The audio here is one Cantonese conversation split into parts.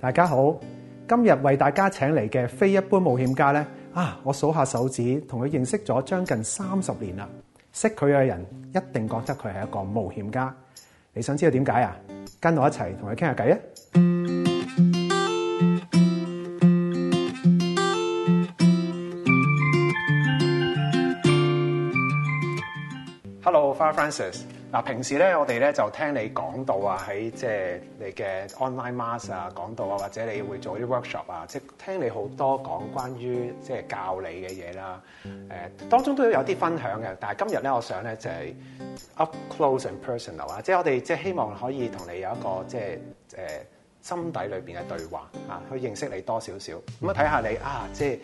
大家好，今日為大家請嚟嘅非一般冒險家咧啊！我數下手指，同佢認識咗將近三十年啦。識佢嘅人一定覺得佢係一個冒險家。你想知道點解啊？跟我一齊同佢傾下偈啊！Francis，嗱平時咧我哋咧就聽你講到啊，喺即係你嘅 online m a s s 啊講到啊，或者你會做啲 workshop 啊，即係聽你好多講關於即係教你嘅嘢啦。誒，當中都有啲分享嘅，但係今日咧，我想咧就係 up close and personal 啊，即係我哋即係希望可以同你有一個即係誒心底裏邊嘅對話啊，去認識你多少少咁啊，睇下你啊，即係。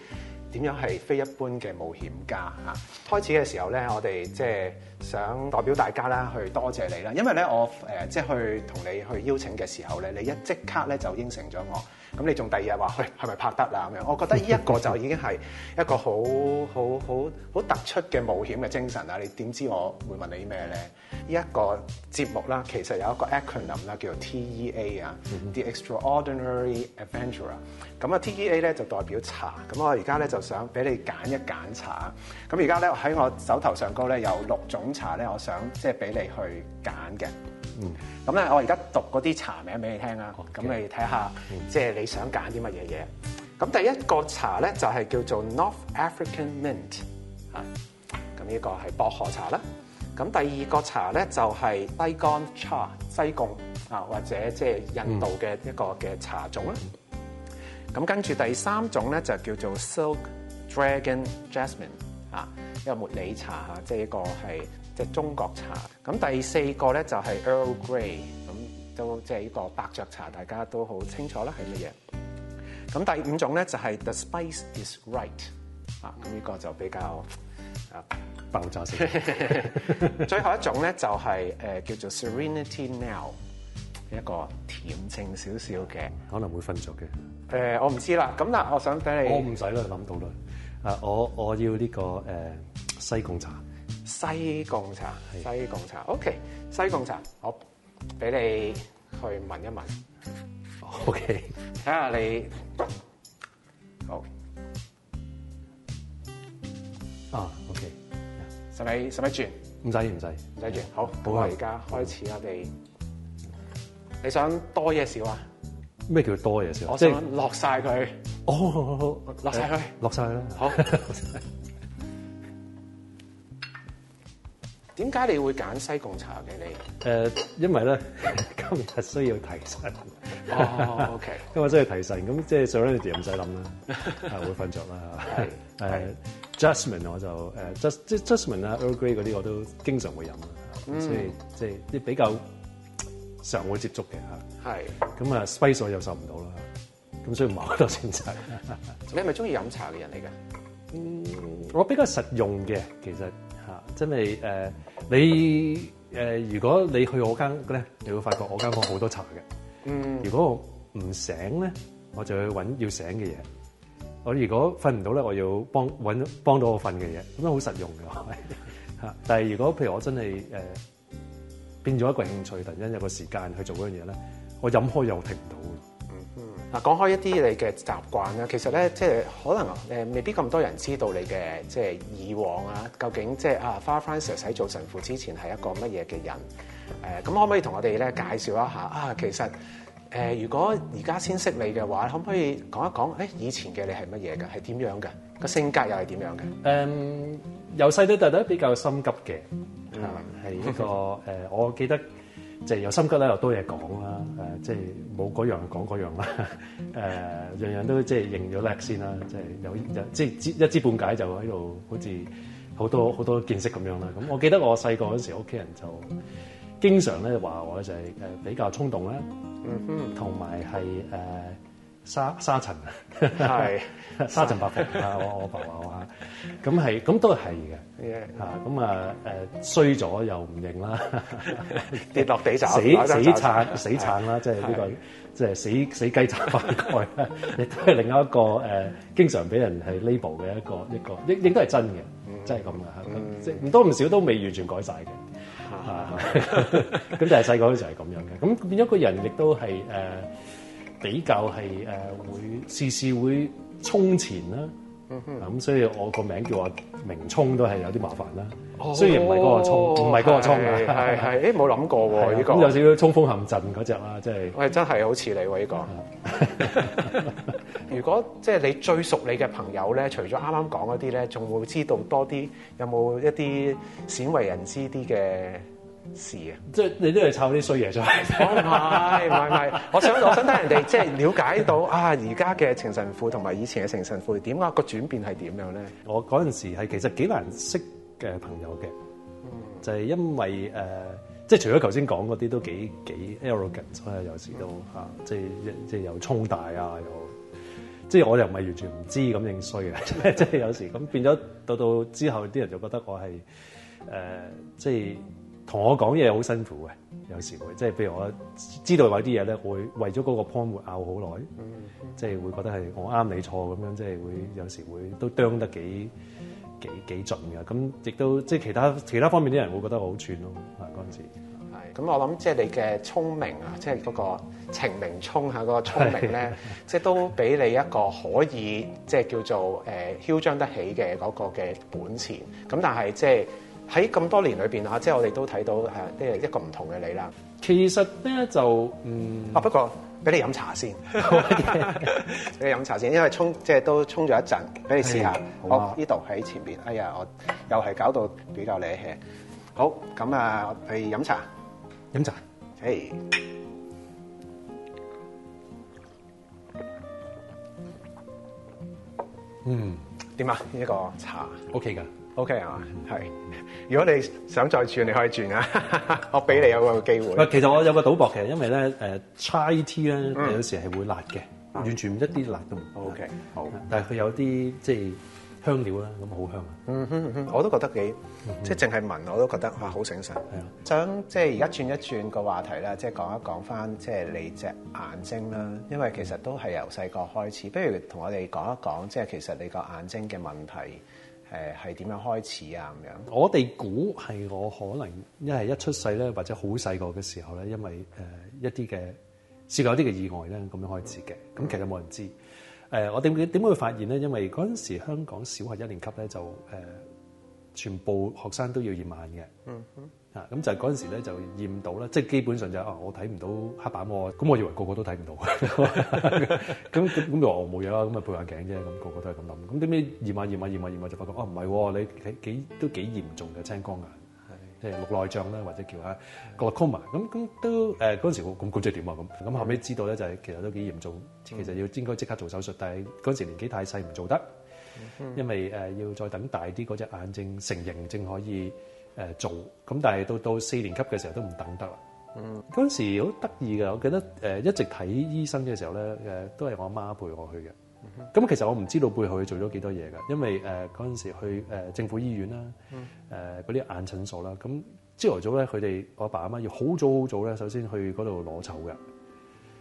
點樣係非一般嘅冒險家啊？開始嘅時候咧，我哋即係想代表大家啦，去多謝你啦。因為咧，我誒即係去同你去邀請嘅時候咧，你一即刻咧就應承咗我。咁你仲第二日話去係咪拍得啦咁樣？我覺得呢一個就已經係一個好好好好突出嘅冒險嘅精神啦。你點知我會問你啲咩咧？呢一個節目啦，其實有一個 acronym 啦，叫做 TEA 啊，The Extraordinary Adventurer。咁啊，TEA 咧就代表茶。咁我而家咧就想俾你揀一揀茶。咁而家咧喺我手頭上高咧有六種茶咧，我想即係俾你去揀嘅。嗯。咁咧，我而家讀嗰啲茶名俾你聽啊。咁你睇下，即係、嗯、你想揀啲乜嘢嘢。咁第一個茶咧就係叫做 North African Mint 啊。咁呢個係薄荷茶啦。咁第二個茶咧就係西貢茶，西貢啊或者即係印度嘅一個嘅茶種咧。嗯咁跟住第三種咧就叫做 Silk Dragon Jasmine 啊，一個茉莉茶啊，即係一個係即係中國茶。咁第四個咧就係 Earl Grey，咁都即係呢個伯爵茶，大家都好清楚啦，係乜嘢？咁第五種咧就係 The Spice Is Right 啊，咁呢個就比較啊爆炸先。 最後一種咧就係誒叫做 Serenity Now 一個恬靜少少嘅，可能會瞓著嘅。誒、呃，我唔知啦。咁嗱，我想俾你，我唔使啦，諗到啦。啊、uh,，我我要呢、這個誒、uh, 西，西貢茶，西貢茶，的西貢茶。OK，西貢茶，好，俾你去聞一聞。OK，睇下你。好。啊、uh,，OK。使唔使，使唔使轉？唔使，唔使。唔使轉，好。好啦的，而家開始我哋的。你想多嘢少啊？咩叫多嘢先？即係落晒佢。哦，落晒佢，落晒啦。好。點解你會揀西貢茶嘅你？誒，因為咧今日需要提神。哦，OK。今日需要提神，咁即係 Serenity 唔使諗啦，係會瞓着啦。誒，Jasmine 我就誒 Just Jasmine 啦，Earl Grey 嗰啲我都經常會飲啊，即係即係啲比較。常會接觸嘅嚇，係咁啊，spice 又受唔到啦，咁所以唔係好多選擇。 你係咪中意飲茶嘅人嚟噶？嗯，我比較實用嘅，其實嚇，真係誒你誒、啊，如果你去我間屋咧，你會發覺我間房好多茶嘅。嗯，如果我唔醒咧，我就去揾要醒嘅嘢。我如果瞓唔到咧，我要幫揾幫到我瞓嘅嘢，咁樣好實用嘅。嚇、啊！但係如果譬如我真係誒。啊變咗一個興趣，突然間有個時間去做嗰樣嘢咧，我飲開又停唔到嘅。嗯嗯，嗱講開一啲你嘅習慣咧，其實咧即係可能誒未必咁多人知道你嘅即係以往啊，究竟即、就、係、是、啊 Father Francis 喺做神父之前係一個乜嘢嘅人？誒、啊、咁可唔可以同我哋咧介紹一下啊？其實、呃、如果而家先識你嘅話，可唔可以講一講誒、欸、以前嘅你係乜嘢嘅？係點樣嘅？個性格又係點樣嘅？誒、嗯，由細到大都比較心急嘅，係一個誒、 呃，我記得就係又心急咧，又多嘢講啦，誒、就是，即係冇嗰樣講嗰樣啦，誒，樣樣都即係認咗叻先啦，即、就、係、是、有有即係、就是、一知半解就喺度，好似好多好多見識咁樣啦。咁、嗯、我記得我細個嗰時，屋企人就經常咧話我就係誒比較衝動啦，嗯哼，同埋係誒。沙沙塵啊，沙、沙塵白霍啊！我我爸話我咁係咁都係嘅，咁啊衰咗又唔認啦，跌落地就死死撐死撐啦，即係呢個即係死死雞撐飯蓋啦，亦都係另一個誒、呃、經常俾人係 label 嘅一個一個亦亦都係真嘅，真係咁嘅嚇，即唔、嗯、多唔少都未完全改晒嘅，咁但係細個嗰時係咁樣嘅，咁變咗個人亦都係誒。呃比較係誒、呃、會事事會沖前啦，咁、嗯哼嗯、所以我個名叫我明沖都係有啲麻煩啦，所、哦、雖然唔係嗰個沖，唔係嗰個沖㗎，係係冇諗過喎，咁有少少衝鋒陷陣嗰隻啦，即係我真係好似你喎、啊、呢、這個。 如果即係、就是、你最熟你嘅朋友咧，除咗啱啱講嗰啲咧，仲會知道多啲有冇一啲鮮為人知啲嘅？事啊，即係你都係炒啲衰嘢出嚟，唔係唔係，我想我想睇人哋即係了解到啊，而家嘅情神父同埋以前嘅情神父點啊個轉變係點樣咧？我嗰陣時係其實幾難識嘅朋友嘅、嗯呃，就係因為誒，即係除咗頭先講嗰啲都幾幾 arrogant 所以有時都吓，即係即係有冲大啊，又即係我又唔係完全唔知咁認衰嘅，即係 有時咁變咗到到之後啲人就覺得我係誒即係。呃就是同我講嘢好辛苦嘅，有時會即係譬如我知道有啲嘢咧，為了那會為咗嗰個 point 會拗好耐，嗯嗯、即係會覺得係我啱你錯咁樣，即係會有時會都啄得幾幾幾盡嘅。咁亦都即係其他其他方面啲人會覺得我好串咯。啊、嗯，嗰陣時係咁，我諗即係你嘅聰明啊，即係嗰個情聰，聰明聰下嗰個聰明咧，即係是都俾你一個可以即係、就是、叫做誒、呃、囂張得起嘅嗰個嘅本錢。咁但係即係。喺咁多年裏邊啊，即係我哋都睇到係即係一個唔同嘅你啦。其實咧就嗯啊，不過俾你飲茶先，俾 你飲茶先，因為沖即係都沖咗一陣，俾你試下。哎、好呢度喺前邊。哎呀，我又係搞到比較瀨氣。好，咁啊，我去飲茶。飲茶。誒。Okay. 嗯。點啊？呢、這、一個茶 OK 㗎。O K 啊，係。如果你想再轉，你可以轉啊， 我俾你有個機會。其實我有個賭博，其實因為咧，誒 chai tea 咧有時係會辣嘅，完全唔一啲辣都冇。O K，好。Hmm. 是 Okay. 但係佢有啲即係香料啦，咁好香啊。嗯哼哼，我都覺得幾，即係淨係聞我都覺得哇好醒神。係啊，想即係而家轉一轉個話題啦，即係講一講返即係你隻眼睛啦，因為其實都係由細個開始，不如同我哋講一講，即係其實你個眼睛嘅問題。誒係點樣開始啊？咁樣，我哋估係我可能一係一出世咧，或者好細個嘅時候咧，因為誒、呃、一啲嘅試過有啲嘅意外咧，咁樣開始嘅。咁其實冇人知。誒、呃，我哋點點會發現咧？因為嗰陣時香港小學一年級咧，就、呃、誒全部學生都要驗眼嘅。嗯哼。啊，咁就嗰陣時咧就驗到啦，即係基本上就啊我睇唔到黑板喎，咁我以為個個都睇唔到，咁咁就話我冇嘢啦，咁咪配眼鏡啫，咁個個都係咁諗。咁點解驗下驗下驗下驗下就發覺啊唔係喎，你幾都幾嚴重嘅青光眼，即係綠內障咧或者叫下角膜埋，咁咁都誒嗰陣時我咁估唔知點啊咁，咁後尾知道咧就係其實都幾嚴重，其實要應該即刻做手術，但係嗰陣時年紀太細唔做得，因為誒要再等大啲嗰隻眼睛成形正可以。誒做咁，但係到到四年級嘅時候都唔等得啦。嗯，嗰陣時好得意嘅，我記得誒一直睇醫生嘅時候咧，都係我阿媽，媽陪我去嘅。咁、嗯、哼其實我唔知道背後佢做咗幾多嘢㗎，因為嗰陣時去政府醫院啦，嗰啲、嗯呃、眼診所啦，咁朝頭早咧佢哋我阿爸阿媽要好早好早咧，首先去嗰度攞籌嘅，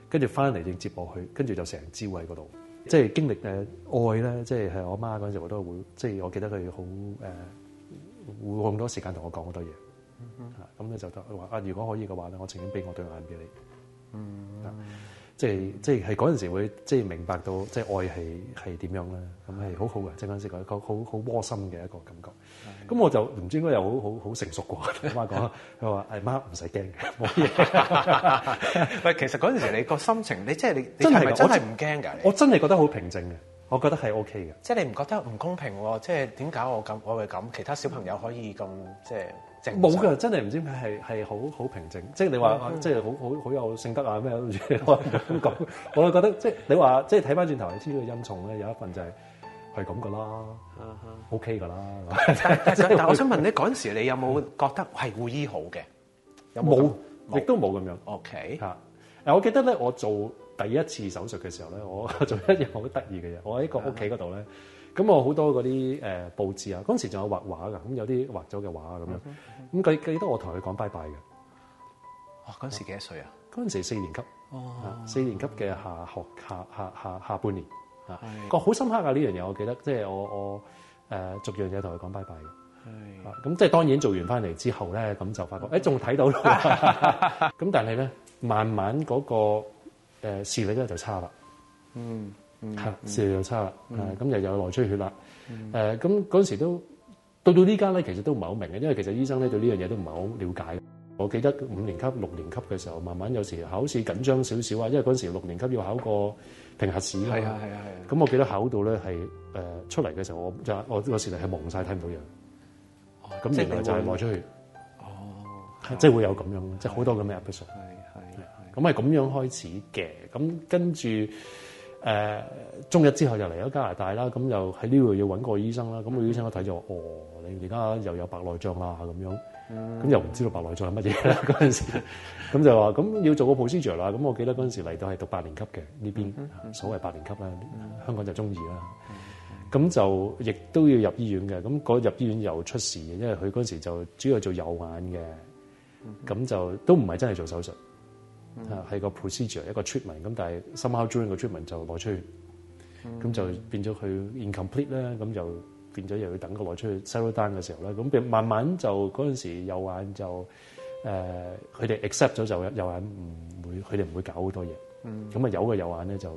跟住翻嚟就接我去，跟住就成朝喺嗰度，即、就、係、是、經歷誒愛咧，即係係我媽嗰陣時我都會，即、就、係、是、我記得佢好誒。呃會咁多時間同我講好多嘢，吓咁咧就話啊，如果可以嘅話咧，我情願俾我對眼俾你，嗯，即係即係係嗰陣時會即係明白到即係愛係係點樣啦，咁係好好嘅，即嗰陣、嗯、時好好好窩心嘅一個感覺，咁、嗯、我就唔知應該有好好好成熟過，我媽講，佢話阿媽唔使驚嘅，冇嘢，唔 其實嗰陣時你個心情，你即、就、係、是、你真係真係唔驚噶，我，你我真係覺得好平靜嘅。我覺得係 OK 嘅，即係你唔覺得唔公平喎？即係點解我咁我會咁？其他小朋友可以咁即係正常？冇噶，真係唔知咩係係好好平靜。即係你話、嗯、即係好好好有性德啊咩？我咁講， 我就覺得即係你話即係睇翻轉頭，你知道陰重咧有一份就係係咁噶啦，OK 噶的啦。 但我想問你嗰陣 時，你有冇覺得係會醫好嘅？嗯、有冇，亦都冇咁樣。樣 OK 嚇。嗱，我記得咧，我做。第一次手術嘅時候咧，我做一樣好得意嘅嘢，我喺個屋企嗰度咧，咁吧我好多嗰啲誒佈置啊，嗰陣時仲有畫畫噶，咁有啲畫咗嘅畫啊咁樣，咁佢吧記得我同佢講拜拜嘅。哇！嗰陣時幾多歲啊？嗰陣時，時四年級，哦、的四年級嘅下學下下下下半年嚇，個好的、啊、深刻啊！呢樣嘢我記得，即、就、係、是、我我誒逐、呃、樣嘢同佢講拜拜嘅。係的，咁、啊、即係當然做完翻嚟之後咧，咁就發覺誒仲睇到囉，咁 但係咧慢慢嗰、那個。誒視力咧就差啦、嗯，嗯，係啦，視力就差啦，咁又又有內出血啦，誒咁嗰陣時都到到呢間咧，其實都唔係好明嘅，因為其實醫生咧對呢樣嘢都唔係好了解。我記得五年級、六年級嘅時候，慢慢有時考試緊張少少啊，因為嗰陣時六年級要考個評核試嘅嘛，係啊係啊係啊。咁、啊啊、我記得考到咧係誒出嚟嘅時候，我就我個視力係蒙曬，睇唔到嘢。咁、哦、原來就係內出血，哦，即係、啊、會有咁樣，即係好多咁嘅咁係咁樣開始嘅，咁跟住誒、呃，中一之後就嚟咗加拿大啦。咁又喺呢度要揾個醫生啦。咁個醫生一睇就，哦，你而家又有白內障啦咁樣，咁又唔知道白內障係乜嘢啦。嗰陣時，咁、嗯、 就話咁要做個 procedure 啦。咁我記得嗰陣時嚟到係讀八年級嘅呢邊，嗯嗯、所謂八年級啦，嗯、香港就中二啦。咁、嗯嗯、就亦都要入醫院嘅，咁、那、嗰、個、入醫院又出事，嘅，因為佢嗰時就主要做右眼嘅，咁、嗯、就都唔係真係做手術。係個 procedure 一個 treatment，咁但係 somehow during 個 treatment 就攞出去，咁、嗯、就變咗佢 incomplete 咧，咁就變咗又要等佢攞出去 surgery done 嘅時候咧，咁慢慢就嗰陣時右眼就誒佢哋 accept 咗就右眼唔會佢哋唔會搞好多嘢，咁啊、嗯、有個右眼咧就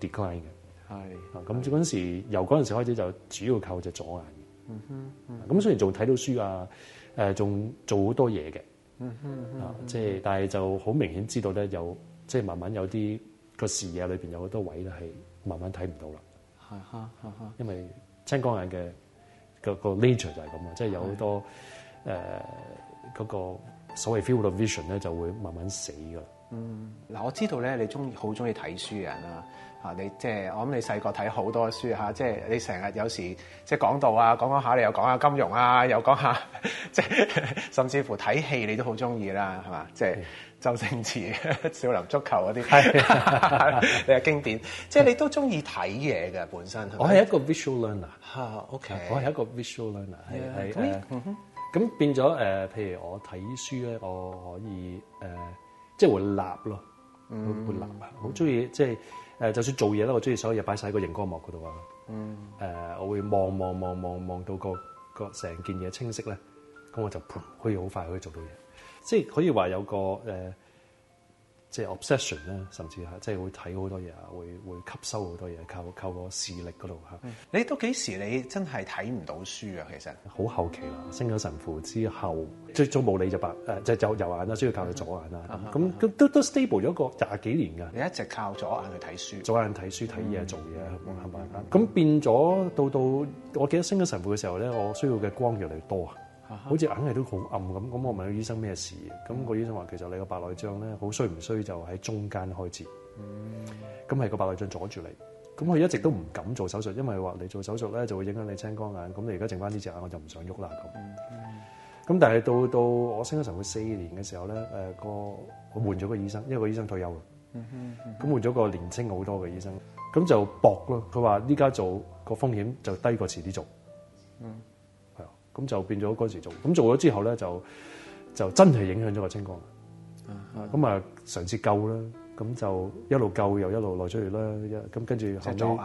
decline 嘅，係啊，咁嗰陣時的由嗰陣時開始就主要靠隻左眼嘅，咁、嗯嗯、雖然仲睇到書啊仲、呃、做好多嘢嘅。嗯哼嗯即係，嗯、但係就好明顯知道咧，有即係慢慢有啲個視野裏邊有好多位咧，係慢慢睇唔到啦。係啊、嗯，係、嗯、啊，因為青光眼嘅、那個個 nature 就係咁啊，即、就、係、是、有好多誒嗰個、呃那個所謂 field of vision 咧，就會慢慢死噶。嗯，嗱我知道咧，你中意好中意睇書嘅人啦，即你即啊，你即係我諗你細個睇好多書吓，即係你成日有時即係講到啊，講講下你又講下金融啊，又講下即係甚至乎睇戲你都好中意啦，係嘛？即係是周星馳、少林足球嗰啲，是 你係經典，即係你都中意睇嘢嘅本身。我係一個 visual learner，吓，OK，我係一個 visual learner 係啊，咁變咗誒、呃，譬如我睇書咧，我可以誒。呃即係會立咯，會會立啊！好中意即係誒，就算做嘢啦，我中意所有嘢擺晒喺個熒光幕嗰度啊！誒、嗯呃，我會望望望望望到個個成件嘢清晰咧，咁我就盤可以好快可以做到嘢，即係可以話有個誒。呃即係 obsession 咧，甚至係即係會睇好多嘢，會會吸收好多嘢，靠靠嗰個視力嗰度。你都幾時你真係睇唔到書啊？其實好後期啦，升咗神父之後，最早冇理就白即、呃、就就右眼啦，需要靠左眼啦。咁都都 stable 咗個廿幾年㗎。你一直靠左眼去睇書，左眼睇書睇嘢做嘢冇辦法咁變咗到到我記得升咗神父嘅時候咧，我需要嘅光越嚟越多。好似硬係都好暗咁，咁我問個醫生咩事？咁個醫生話，其實你個白內障咧，好衰唔衰就喺中間開始。嗯，咁係個白內障阻住你，咁佢一直都唔敢做手術，因為話你做手術咧就會影響你青光眼。咁你而家剩翻呢隻眼，我就唔想喐啦咁。咁但係到到我升咗成個四年嘅時候咧，誒、那個、我換咗個醫生，嗯、因為個醫生退休。咁換咗個年青好多嘅醫生，咁就搏咯。佢話，依家做個風險就低過遲啲做。嗯咁就變咗嗰時做，咁做咗之後咧，就就真係影響咗個青光。咁啊，啊嘗試救啦，咁就一路救又一路落出去啦。咁跟住後尾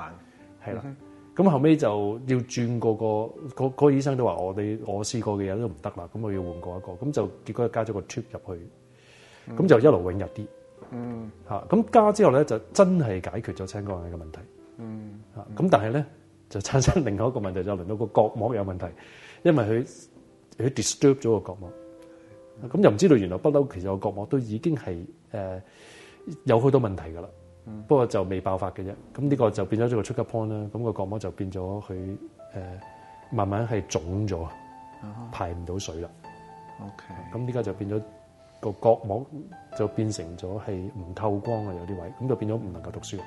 係啦，咁後尾就要轉過個個個、那個醫生都話我哋我試過嘅嘢都唔得啦，咁我要換過一個，咁就結果加咗個 tube 入去，咁、嗯、就一路永入啲。嚇咁、嗯啊、加之後咧，就真係解決咗青光眼嘅嘅問題。嚇咁、嗯嗯啊，但係咧就產生另外一個問題，就輪到個角膜有問題。因為佢佢 disturb 咗個角膜，咁又唔知道原來不嬲，其實個角膜都已經係誒、呃、有好多問題噶啦。嗯、不過就未爆發嘅啫。咁呢個就變咗做個 trigger point 啦。咁個角膜就變咗佢誒慢慢係腫咗，排唔到水啦。OK，咁依家就變咗個角膜就變成咗係唔透光啊！有啲位咁就變咗唔能夠讀書了。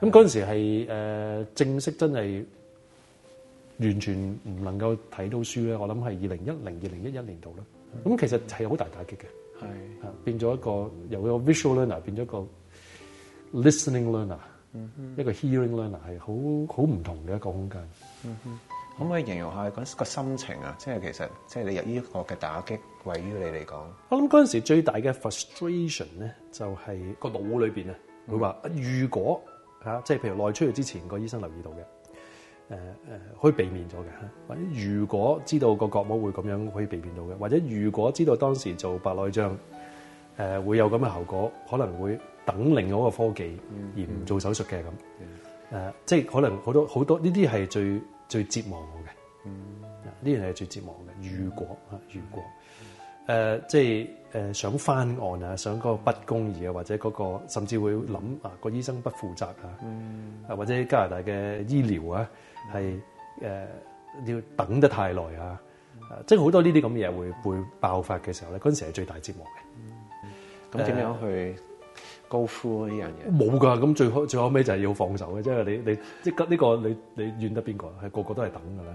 咁嗰陣時係、呃、正式真係。完全唔能夠睇到書咧，我諗係二零一零、二零一一年度啦。咁、嗯、其實係好大打擊嘅，係是變咗一個由一個 visual learner 變咗個 listening learner，、嗯、哼一個 hearing learner 係好好唔同嘅一個空間、嗯，可唔可以形容下嗰個心情啊？即係其實即係、就是、你入依一個嘅打擊，位於你嚟講，我諗陣時最大嘅 frustration 咧，就係、是、個腦裏邊啊，嗯、會話如果吓，即係譬如內出血之前個醫生留意到嘅。誒誒、呃，可以避免咗嘅，或者如果知道個角膜會咁樣可以避免到嘅，或者如果知道當時做白內障誒、呃、會有咁嘅效果，可能會等另外一個科技而唔做手術嘅咁，誒、呃，即係可能好多好多呢啲係最最折磨我嘅，呢樣係最折磨嘅。如果啊，如果誒、呃、即係誒、呃、想翻案啊，想個不公義啊，或者嗰、那個甚至會諗啊個醫生不負責啊，啊、嗯、或者加拿大嘅醫療啊。嗯係誒，要等得太耐啊。即係好多呢啲咁嘅嘢會會爆發嘅時候咧，嗰陣時係最大折磨嘅。咁點樣去 go through 呢樣嘢？冇噶，咁最後最後尾就係要放手嘅，即係你你即呢個你你怨得邊個？係個個都係等噶啦，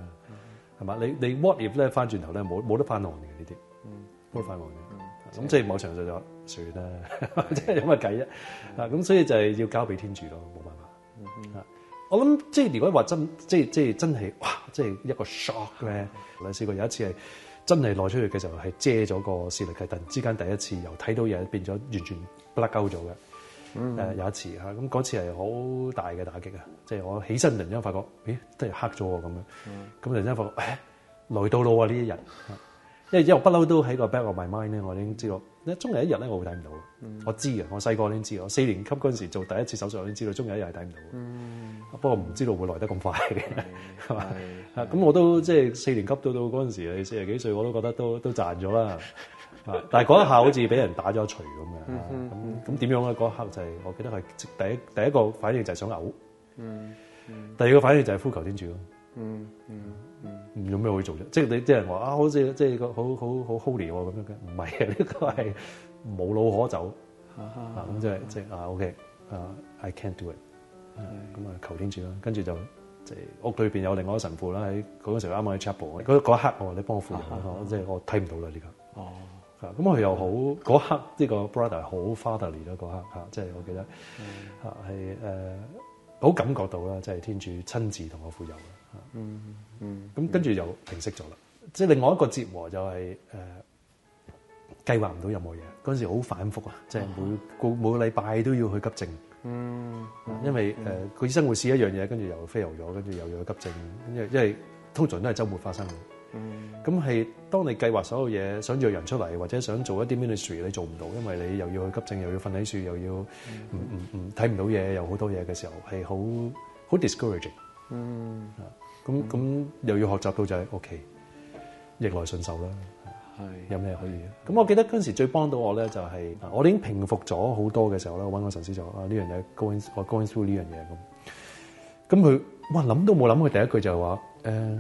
係嘛？你你 what if 咧翻轉頭咧，冇冇得翻戇嘅呢啲，冇得翻戇嘅。咁即係某程度咗，算啦，即係有乜計啫。啊，咁所以就係要交俾天主咯，冇辦法。我諗即係，如果話真即係即係真係哇！即係一個 shock 咧。的我試過有一次係真係內出血嘅時候，係遮咗個視力嘅。突然之間第一次由睇到嘢變咗完全 block 咗嘅。誒、mm hmm. 有一次嚇咁嗰次係好大嘅打擊、就是 mm hmm. 啊！即係我起身突然之間發覺咦都係黑咗喎咁樣。咁突然之間發覺誒來到路啊呢一日，因為因為不嬲都喺個 back of my mind 咧，我已經知道咧。終有一日咧、mm hmm.，我會睇唔到。我知啊，我細個已經知。我四年級嗰陣時做第一次手術，我已經知道終有一日係睇唔到。Mm hmm. 我不過唔知道會來得咁快嘅，係嘛？咁 我都即係四年級到到嗰陣時你四十幾歲我都覺得都都賺咗啦。但係嗰一下好似俾人打咗錘咁嘅，咁咁點樣咧？嗰刻就係、是、我記得係第一第一個反應就係想嘔， 第二個反應就係呼求天主咯。嗯嗯嗯，有咩可以做啫？即係你啲人話啊，好似即係、哦這個好好好 holy 咁樣嘅，唔係呢個係無路可走咁，即係即係啊，就是、 啊 OK 啊、uh，I can't do it。咁啊 Okay. 求天主啦，跟住就即係屋裏邊有另外一個神父啦，喺嗰個時候啱啱喺 chapel 嗰一刻，我話你幫我傅油即係我睇唔到啦，而家哦，咁佢又好嗰刻，呢個 brother 好 fatherly 嗰刻吓，即係我記得吓係誒，好感覺到啦，即係天主親自同我傅油嗯嗯，咁跟住又平息咗啦，即係另外一個折磨就係、是、誒。計劃唔到任何嘢，嗰陣時好反覆啊！即係每個每個禮拜都要去急症，嗯，因為誒，個醫生會試一樣嘢，跟住又 fail 咗，跟住又要去急症，因為因為通常都係週末發生嘅，嗯，咁係當你計劃所有嘢，想約人出嚟或者想做一啲 ministry，你做唔到，因為你又要去急症，又要瞓喺樹，又要唔唔唔睇唔到嘢，又好多嘢嘅時候係好好 discouraging，嗯，啊，咁咁又要學習到就係 OK，逆來順受啦。係，有咩可以？咁我記得嗰陣時最幫到我咧，就係我哋已經平復咗好多嘅時候咧，揾我個神師就話：啊呢樣嘢 going 我 going through 呢樣嘢咁。咁佢哇諗都冇諗，佢第一句就話：誒、呃、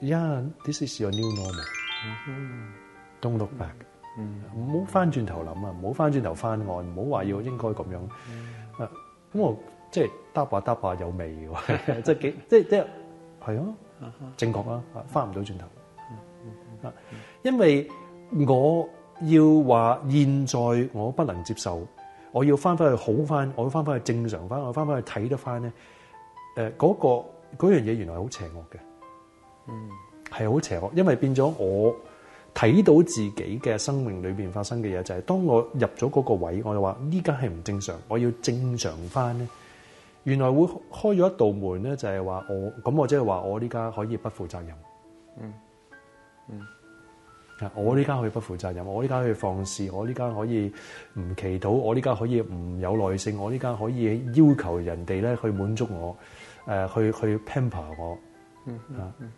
Yeah，this is a new normal，don't、嗯、look back，唔好翻轉頭諗啊，唔好翻轉頭翻案，唔好話要應該咁樣、嗯、啊。咁我即係嗒吧嗒吧有味、嗯、 即係幾即係即係係啊正確啊，翻唔到轉頭。因為我要話現在我不能接受，我要翻返去好翻，我要翻返去正常翻，我翻返去睇得翻咧。誒、呃，嗰、那個嗰樣嘢原來好邪惡嘅，嗯，係好邪惡。因為變咗我睇到自己嘅生命裏邊發生嘅嘢，就係、是、當我入咗嗰個位，我就話：呢家係唔正常，我要正常翻咧。原來會開咗一道門咧，就係、是、話我咁，我即係話我呢家可以不負責任，嗯。嗯，我呢家可以不負責任，我呢家可以放肆，我呢家可以唔祈禱，我呢家可以唔有耐性，我呢家可以要求人哋咧去滿足我，誒、呃，去去 pamper 我，啊、呃，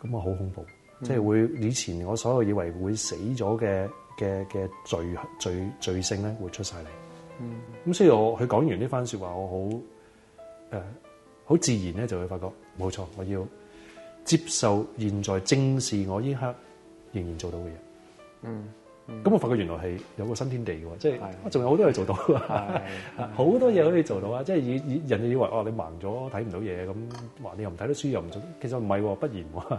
咁啊好恐怖，嗯、即係會以前我所有以為會死咗嘅嘅嘅罪罪罪、罪性咧會出晒嚟，嗯，咁所以我佢講完呢番說話，我好誒，好、呃、自然咧就會發覺，冇錯，我要。接受現在正視我依刻仍然做到嘅嘢，嗯。嗯，咁我發覺原來係有個新天地嘅喎，即係仲有好多嘢做到好的多嘢可以做到啊，即係以以人哋以為的哦你盲咗睇唔到嘢咁，話你又唔睇到書又唔做，其實唔係喎，不然喎，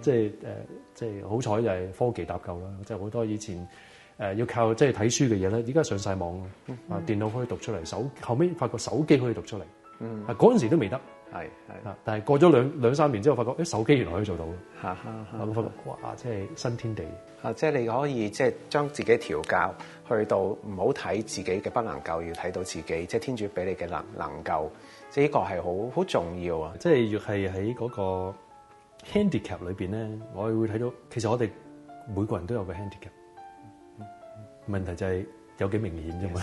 即係誒，即係、就是呃就是、好彩就係科技搭救啦，即係好多以前誒、呃、要靠即係睇書嘅嘢咧，而家上晒網啊，電腦可以讀出嚟，手後尾發覺手機可以讀出嚟，嗯，嗰陣、嗯、時都未得。係係，是是但係過咗兩兩三年之後，發覺誒、欸、手機原來可以做到，我都發覺哇，即係新天地。啊，即係你可以即係、就是、將自己調校去到唔好睇自己嘅不能夠，要睇到自己即係、就是、天主俾你嘅能能夠，呢個係好好重要啊！即係要係喺嗰個 handicap 裏邊咧，我哋會睇到其實我哋每個人都有個 handicap，問題就係、是。有幾明顯啫嘛？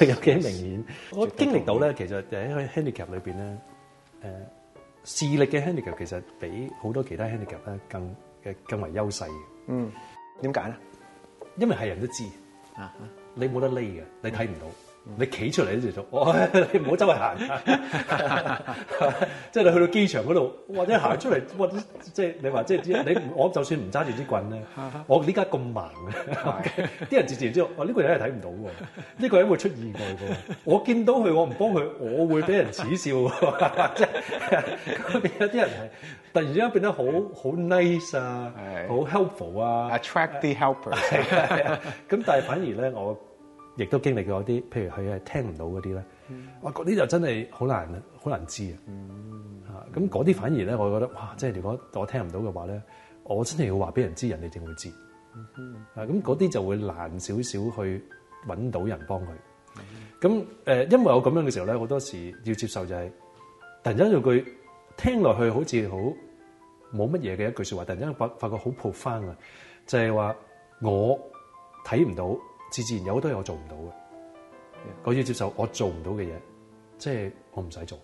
有幾明顯？我經歷到咧，其實就喺一個 handicap 裏邊咧，誒，視力嘅 handicap 其實比好多其他 handicap 咧更嘅更為優勢嘅。嗯，點解咧？因為係人都知啊，你冇得匿嘅，你睇唔到。你企出嚟啲嘢做，我、哦、你唔好周圍行，即係 你去到機場嗰度，或者行出嚟，或者即係你話即係啲你我就算唔揸住支棍咧，我點解咁盲啊，啲人自然知道，我、哦、呢、這個人係睇唔到喎，呢、這個人會出意外嘅，我見到佢我唔幫佢，我會俾人恥笑嘅，即係有啲人係突然之間變得好好 nice 啊，好的 helpful 啊，attract the helpers，咁但係反而咧我。亦都經歷過啲，譬如佢係聽唔到嗰啲咧，哇！嗰啲就真係好難，好難知啊！嚇，咁嗰啲反而咧，我覺得哇！即係如果我聽唔到嘅話咧，我真係要話俾人知，人哋點會知？嚇，咁嗰啲就會難少少去揾到人幫佢。咁誒，因為我咁樣嘅時候咧，好多時要接受就係，突然間有句聽落去好似好冇乜嘢嘅一句說話，突然間發發覺好 profound 啊！就係話我睇唔到。自自然，有好多嘢我做唔到嘅，我要接受我做唔到嘅嘢，即係我唔使做。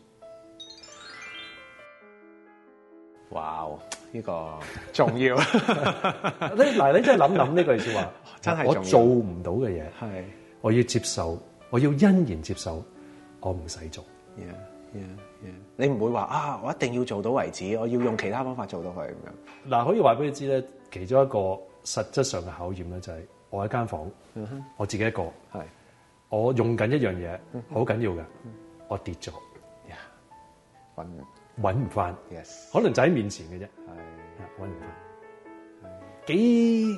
哇，wow，呢個重要。你嗱，你真係諗諗呢句說話，真係我做唔到嘅嘢，係我要接受，我要欣然接受，我唔使做。Yeah, yeah, yeah. 你唔會話啊，我一定要做到為止，我要用其他方法做到佢咁樣。嗱，可以話俾你知咧，其中一個實質上嘅考驗咧就係。我喺間房，我自己一個，係我用緊一樣嘢，好緊要嘅，我跌咗，呀，搵唔翻，可能就喺面前嘅啫，係搵唔翻，幾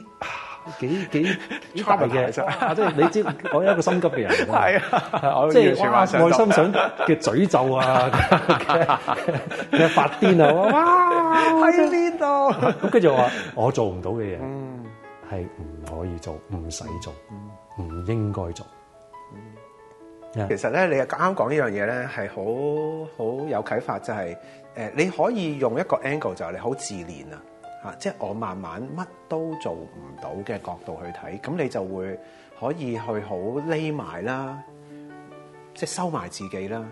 幾幾，呢嘅即係你知，我有一個心急嘅人，係啊，即係內心想嘅詛咒啊，嘅發癲啊，哇，喺邊度？咁跟住我話，我做唔到嘅嘢。係唔可以做，唔使做，唔、嗯嗯、應該做。嗯、Yeah. 其實咧，你啱啱講呢樣嘢咧，係好好有啟發。就係誒，你可以用一個 angle 就係你好自憐啊，吓，即係我慢慢乜都做唔到嘅角度去睇，咁你就會可以去好匿埋啦，即、就、係、係、收埋自己啦。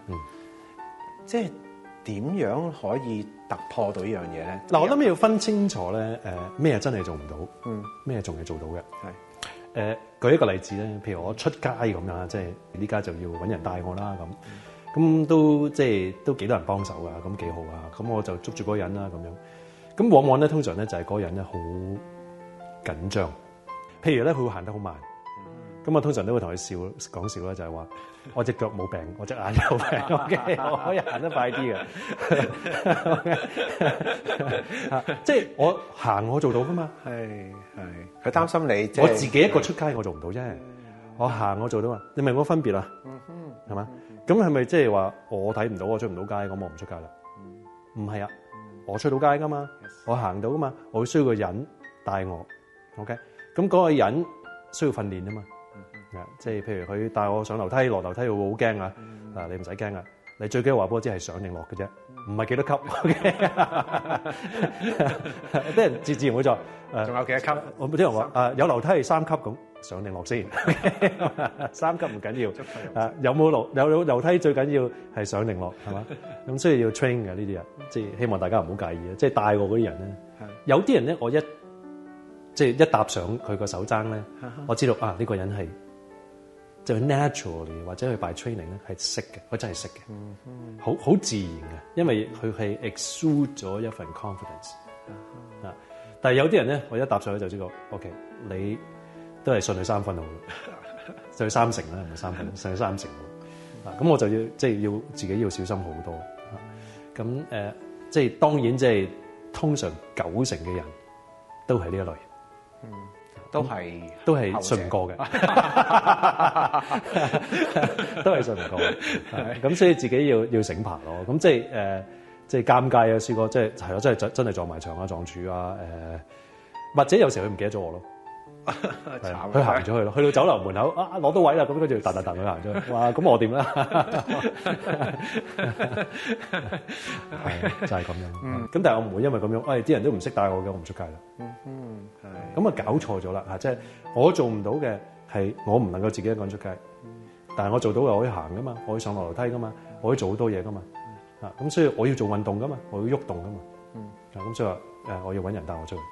即係、嗯。就係點樣可以突破到呢樣嘢咧？嗱，我諗要分清楚咧，誒咩真係做唔到，嗯，咩仲要做到嘅？係是，誒舉一個例子咧，譬如我出街咁樣即係依家就要搵人帶我啦，咁咁、嗯、都即係都幾多人幫手噶，咁幾好啊，咁我就捉住嗰個人啦，咁樣，咁往往咧通常咧就係嗰個人咧好緊張，譬如咧佢會行得好慢。咁我通常都會同佢笑講笑啦，就係話我隻腳冇病，我隻眼有病 ，OK，我可以行得快啲嘅。 OK， 即係我行我做到噶嘛，係，係佢擔心你，我自己一個出街我做唔到啫。 我行我做到嘛，你明，冇分別啊，係嘛？咁係咪即係話我睇唔到我出唔到街咁，我唔出街啦？唔係 啊，我出到街噶嘛， 我行到噶嘛，我需要個人帶我，OK，咁嗰個人需要訓練啊嘛。即係譬如佢帶我上樓梯落樓梯會好驚啊！嗱，嗯、你唔使驚啊！你最驚話波，即係上定落嘅啫，唔係幾多級？啲人自自然會在。仲有幾多級？我冇聽人話啊！有樓梯三級咁上定落先。 三級唔緊要。誒、啊，有冇樓有樓梯最緊要係上定落係嘛？咁 所以要 train 嘅呢啲人，即係希望大家唔好介意啊！即係帶個嗰啲人咧，的有啲人咧我一即係、就是、一搭上佢個手踭咧，我知道啊呢、呢個人係。就 naturally 或者佢 by training 咧係識嘅，佢真係識嘅，好好、嗯嗯、自然嘅，因為佢係 exude 咗一份 confidence 啊！嗯、但係有啲人咧，我一搭上去就知道 okay，你都係信佢三分好，信佢三成啦，唔係三分，信佢三成。啊，咁、嗯、我就要即係、就是、要自己要小心好多。咁誒，即、呃、係、就是、當然即、就、係、是、通常九成嘅人都係呢一類。嗯都係都係信唔過嘅，后姐 都係信唔過嘅。咁所以自己要要醒牌咯。咁、呃、即係誒即係尷尬是是啊，師過即係係咯真係真真係撞埋牆啊，撞柱啊，誒或者有時候佢唔記得咗我咯。佢行咗去咯，去到酒樓門口啊，攞到位啦，咁跟住彈彈彈佢行咗去。哇，咁我點啦？係 就係、是、咁樣。咁、嗯、但係我唔會因為咁樣，哎，啲人都唔識帶我嘅，我唔出街啦。嗯咁，啊搞錯咗啦，吓即係我做唔到嘅係我唔能夠自己一個人出街。但係我做到嘅，我可以行㗎嘛，我可以上落樓梯㗎嘛，我可以做好多嘢㗎嘛。啊，咁所以我要做運動㗎嘛，我要喐動㗎嘛。咁所以話誒，我要搵人帶我出去。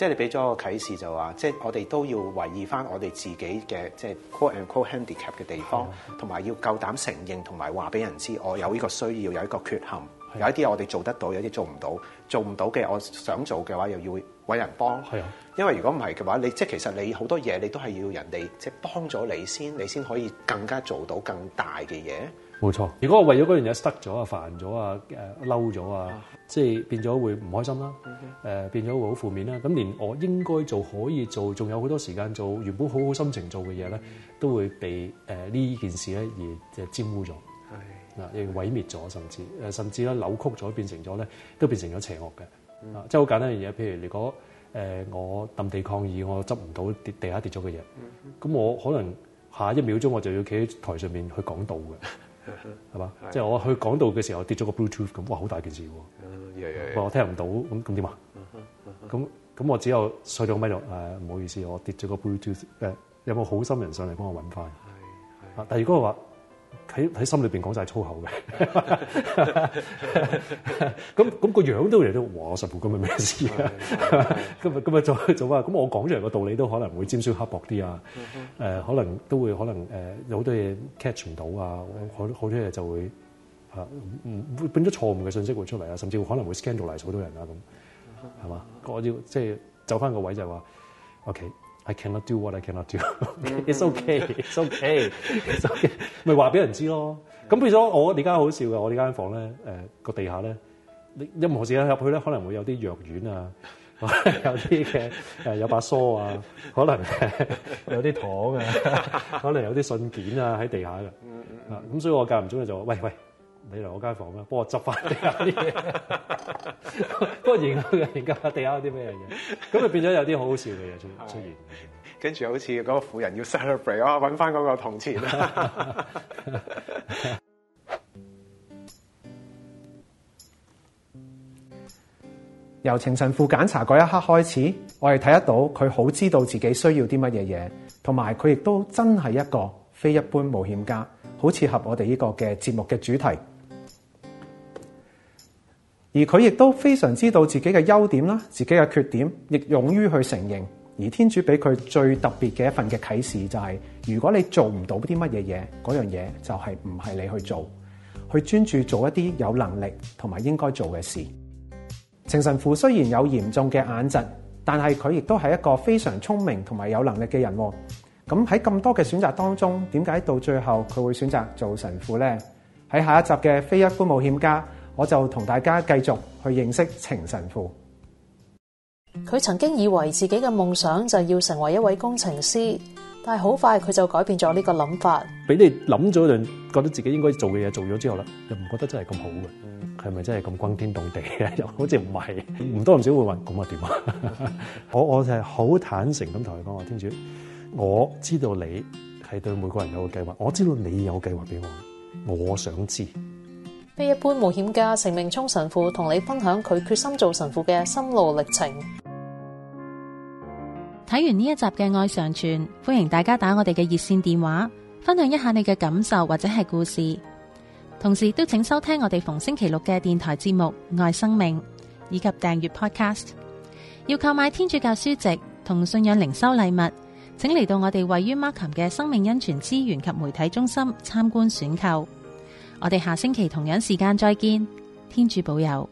即係你俾咗個啟示就話，即係我哋都要懷疑翻我哋自己嘅即係 quote and quote handicap 嘅地方，同埋好要夠膽承認同埋話畀人知，我有呢個需要，好有一個缺陷。有一啲我哋做得到，有啲做唔到。做唔到嘅，我想做嘅話，又要揾人幫。係啊。因為如果唔係嘅話，你即係其實你好多嘢，你都係要人哋即係幫咗你先，你先可以更加做到更大嘅嘢。冇錯。如果我為咗嗰樣嘢失咗啊、煩咗啊、嬲咗啊，即係變咗會唔開心啦，誒、呃、變咗會好負面啦，咁連我應該做可以做，仲有好多時間做，原本好好心情做嘅嘢咧，嗯、都會被、呃、呢件事咧而誒沾污咗。亦毀滅咗，甚至誒，甚至咧扭曲咗，變成咗咧，都變成咗邪惡嘅。啊，嗯、即係好簡單嘅嘢。譬如，如果誒、呃、我揼地抗議，我執唔到跌地下跌咗嘅嘢，咁、嗯嗯、我可能下一秒鐘我就要企喺台上面去講道嘅，係嘛？即係我去講道嘅時候跌咗個 Bluetooth 咁，哇，好大件事喎！嗯嗯嗯嗯嗯、我聽唔到，咁咁點啊？咁咁、嗯嗯嗯、我只有去到咪度呃、唔好意思，我跌咗個 Bluetooth 誒、呃，有冇好心人上嚟幫我揾翻？啊，但如果我話，喺喺心裏邊講晒粗口嘅， 咁咁個樣都嚟到哇！十步咁係咩事啊？咁咁咪做做乜？咁我講出嚟個道理都可能會尖酸刻薄啲啊！誒、 呃，可能都會可能有好、呃、多嘢 catch 唔到啊！好好 多嘢就會啊，唔會變咗錯誤嘅信息會出嚟啊！甚至乎可能會 scandalize 好多人啊！咁係嘛？ 我要即係走翻個位置就係話，OK。I cannot do what I cannot do. It's okay. It's okay. It's okay. 咪話俾人知咯。咁譬如講我而家好笑嘅，我呢間房咧，個、呃、地下咧，你任何時間入去咧，可能會有啲藥丸啊，有啲嘅有把梳啊，可能、呃、有啲糖啊，可能有啲信件啊喺地下嘅。咁 所以我間唔中就就喂喂。喂你嚟我間房咩？幫我執翻地下啲嘢。 幫我研究研究地下啲咩嘢嘢。咁就變咗有啲好好笑嘅嘢出出現。跟住好似嗰個婦人要 celebrate，啊，揾翻嗰個銅錢。 由情神父檢查嗰一刻開始，我哋睇得到佢好知道自己需要啲乜嘢嘢，同埋佢亦都真係一個非一般冒險家，好切合我哋呢個嘅節目嘅主題。而佢亦都非常知道自己嘅優點啦，自己嘅缺點，亦勇於去承認。而天主俾佢最特別嘅一份嘅啟示就係：如果你做唔到啲乜嘢嘢，嗰樣嘢就係唔係你去做，去專注做一啲有能力同埋應該做嘅事。程神父雖然有嚴重嘅眼疾，但係佢亦都係一個非常聰明同埋有能力嘅人。咁喺咁多嘅選擇當中，點解到最後佢會選擇做神父咧？喺下一集嘅《非一般冒險家》。我就同大家繼續去認識情神父。佢曾經以為自己嘅夢想就要成為一位工程師，但係好快佢就改變咗呢個諗法。俾你諗咗一陣，覺得自己應該做嘅嘢，做咗之後咧，又唔覺得真係咁好嘅，係咪真係咁轟天動地嘅？又 好似唔係，唔多唔少會問咁啊？點 啊？我我就係好坦誠咁同佢講話，天主，我知道你係對每個人有個計劃，我知道你有計劃俾我，我想知。非一般冒險家成命，聰神父同你分享佢決心做神父嘅心路歷程。睇完呢一集嘅愛常傳，歡迎大家打我哋嘅熱線電話，分享一下你嘅感受或者係故事。同時，都請收聽我哋逢星期六嘅電台節目《愛生命》，以及訂閱 Podcast。要購買天主教書籍同信仰靈修禮物，請嚟到我哋位於 Markham 嘅生命恩泉資源及媒體中心參觀選購。我哋下星期同樣時間再見，天主保佑。